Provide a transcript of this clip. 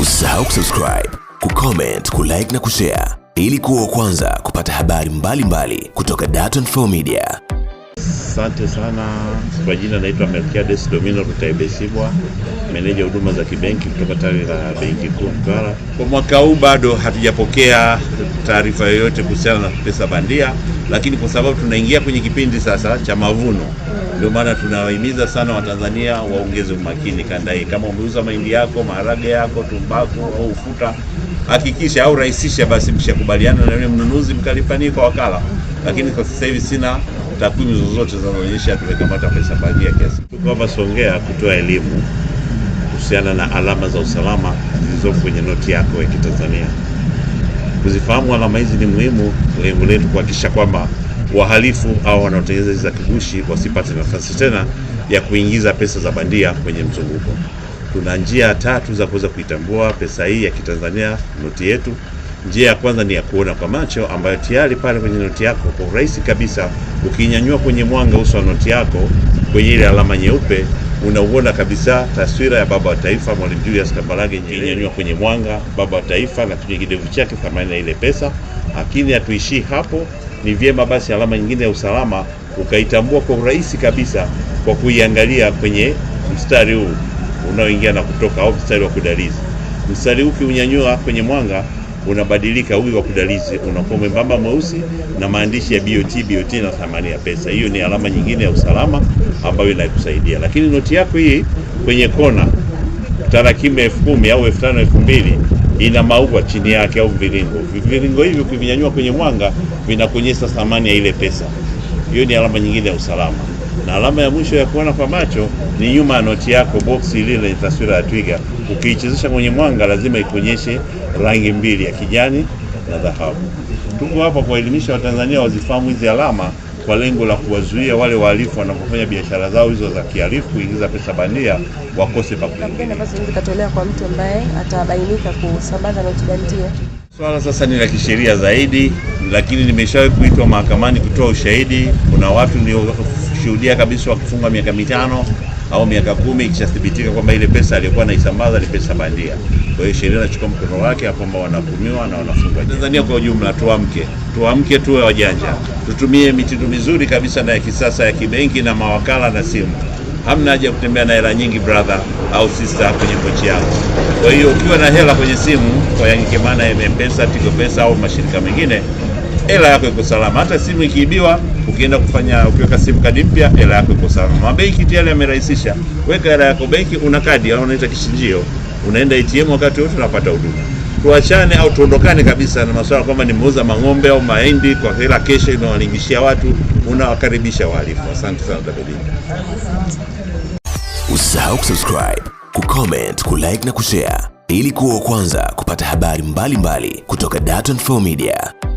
Usisahau kusubscribe, kucomment, kulike na kushare ili kuwa kwanza kupata habari mbalimbali mbali kutoka Dar24 Media. Asante sana kwa jina, naitwa Melkiades Domino Rutaibesibwa, meneja huduma za kibenki kutoka tawi la benki kuu Mtwara. Kwa mwaka huu bado hatujapokea taarifa yoyote kuhusiana na pesa bandia, lakini kwa sababu tunaingia kwenye kipindi sasa cha mavuno ndio maana tunawahimiza sana Watanzania waongeze umakini kanda hii. Kama umeuza mahindi yako, maharage yako, tumbaku au ufuta, hakikisha au rahisisha basi, mshakubaliana na yule mnunuzi nini kwa wakala. Lakini kwa sasa hivi sina takwimu zozote zinazoonyesha tumekamata pesa bandia kiasi. Tuko hapa Songea kutoa elimu kuhusiana na alama za usalama zilizo kwenye noti yako ya Kitanzania. Kuzifahamu alama hizi ni muhimu, lengo letu kuhakikisha kwamba wahalifu au wanaotengeneza hizi za kibushi wasipate nafasi tena ya kuingiza pesa za bandia kwenye mzunguko. Tuna njia tatu za kuweza kuitambua pesa hii ya Kitanzania, noti yetu. Njia ya kwanza ni ya kuona kwa macho, ambayo tayari pale kwenye noti yako kwa urahisi kabisa, ukinyanyua kwenye mwanga uso wa noti yako kwenye ile alama nyeupe unauona kabisa taswira ya baba wa taifa Mwalimu Julius Kambarage Nyerere kwenye mwanga, baba wa taifa na kwenye kidevu chake thamani ya ile pesa. Lakini hatuishii hapo, ni vyema basi alama nyingine ya usalama ukaitambua kwa urahisi kabisa kwa kuiangalia kwenye mstari huu unaoingia na kutoka, au mstari wa kudalizi. Mstari huu ukiunyanyua kwenye mwanga unabadilika, huyu wa kudalizi unakuwa mwembamba mweusi na maandishi ya BOT BOT na thamani ya pesa. Hiyo ni alama nyingine ya usalama ambayo inakusaidia. Lakini noti yako hii kwenye kona tarakimu elfu kumi au elfu tano elfu mbili ina maua chini yake au viringo Viringo hivyo ukivinyanyua kwenye mwanga vinakuonyesha thamani ya ile pesa. Hiyo ni alama nyingine ya usalama, na alama ya mwisho ya kuona kwa macho ni nyuma ya noti yako, boksi ile lenye taswira ya twiga. Ukiichezesha kwenye mwanga, lazima ikuonyeshe rangi mbili, ya kijani na dhahabu. Tuko hapa kuwaelimisha Watanzania wazifahamu hizi alama kwa lengo la kuwazuia wale wahalifu wanapofanya biashara zao hizo za kihalifu kuingiza pesa bandia wakose pa kuingia. Ambazo kwa mtu ambaye atabainika kusambaza na kubandia. Swala sasa ni la kisheria zaidi, lakini nimeshawahi kuitwa mahakamani kutoa ushahidi. Kuna watu nilioshuhudia kabisa wakifunga miaka mitano au miaka kumi ikishathibitika kwamba ile pesa aliyokuwa anaisambaza ni pesa bandia. Kwa hiyo sheria inachukua mkono wake ya kwamba wanahukumiwa na wanafungwa. Tanzania kwa ujumla, tuamke, tuamke, tuwe wajanja, tutumie mitindo mizuri kabisa na ya kisasa ya kibenki na mawakala na simu. Hamna haja ya kutembea na hela nyingi brother au sister kwenye pochi yako. Kwa hiyo ukiwa na hela kwenye simu kwa yangemana M-Pesa, Tigo Pesa au mashirika mengine, hela yako iko salama. Hata simu ikiibiwa, ukienda kufanya ukiweka simu kadi mpya, hela yako iko salama. Mabenki tayari yamerahisisha, weka hela yako benki, una kadi au unaita kishinjio, unaenda ATM wakati wote unapata huduma. Tuachane au tuondokane kabisa na masuala kwamba nimeuza mang'ombe au mahindi kwa kila kesho inawalingishia watu, unawakaribisha wahalifu. Asante sana dada Usisahau kusubscribe, kucomment, kulike na kushare ili kuwa wa kwanza kupata habari mbalimbali mbali kutoka Dar24 Media.